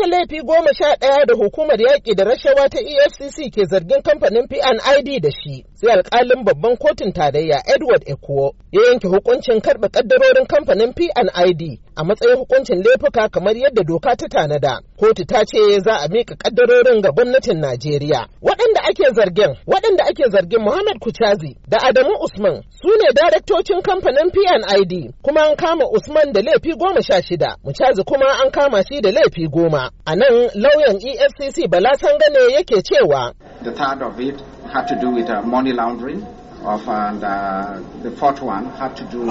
duka laifi goma sha ɗaya da hukumar yaƙi da rashawa ta efcc ke zargin kamfanin pnid da shi sai alƙalin babban kotun tarayya edward ekuo ya yanke hukuncin karɓe ƙaddarorin kamfanin pnid a matsayin hukuncin laifuka kamar yadda doka ta tanada kotu ta ce za a mika ƙaddarorin ga gwamnatin Najeriya. Waɗanda ake zargin, waɗanda ake zargin Muhammad Kuchazi da Adamu Usman su ne daraktocin kamfanin PNID kuma an kama Usman da laifi goma sha shida, Kuchazi kuma an kama shi da laifi goma. A nan lauyan EFCC Bala Sangane yake cewa. The third of it had to do with uh, money laundering of and uh, the fourth one had to do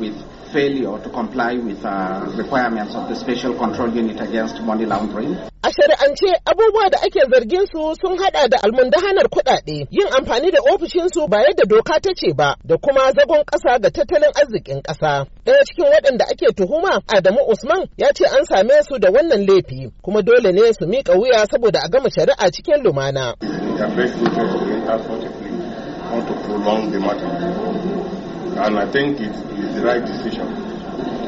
with failure to comply with uh, requirements of the Special Control Unit against money laundering. A shari'ance abubuwa da ake zargin su sun hada da almundahanar kuɗaɗe, yin amfani da ofishinsu ba yadda doka ta ce ba, da kuma zagon ƙasa ga tattalin arzikin ƙasa. Ɗaya cikin waɗanda ake tuhuma, Adamu Usman ya ce an same su da wannan laifi, kuma dole ne su miƙa wuya saboda a gama shari'a cikin lumana. and I think it is the right decision,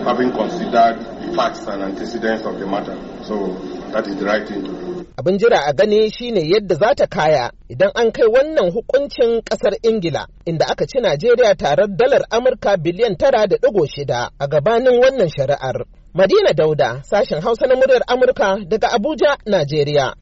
having considered the facts and antecedents of the matter. So that is the right thing to do. Abin jira a gani shine yadda za ta kaya idan an kai wannan hukuncin kasar Ingila inda aka ci Najeriya tarar dalar Amurka biliyan tara da ɗigo shida a gabanin wannan shari'ar. Madina Dauda, sashen Hausa na muryar Amurka daga Abuja, Najeriya.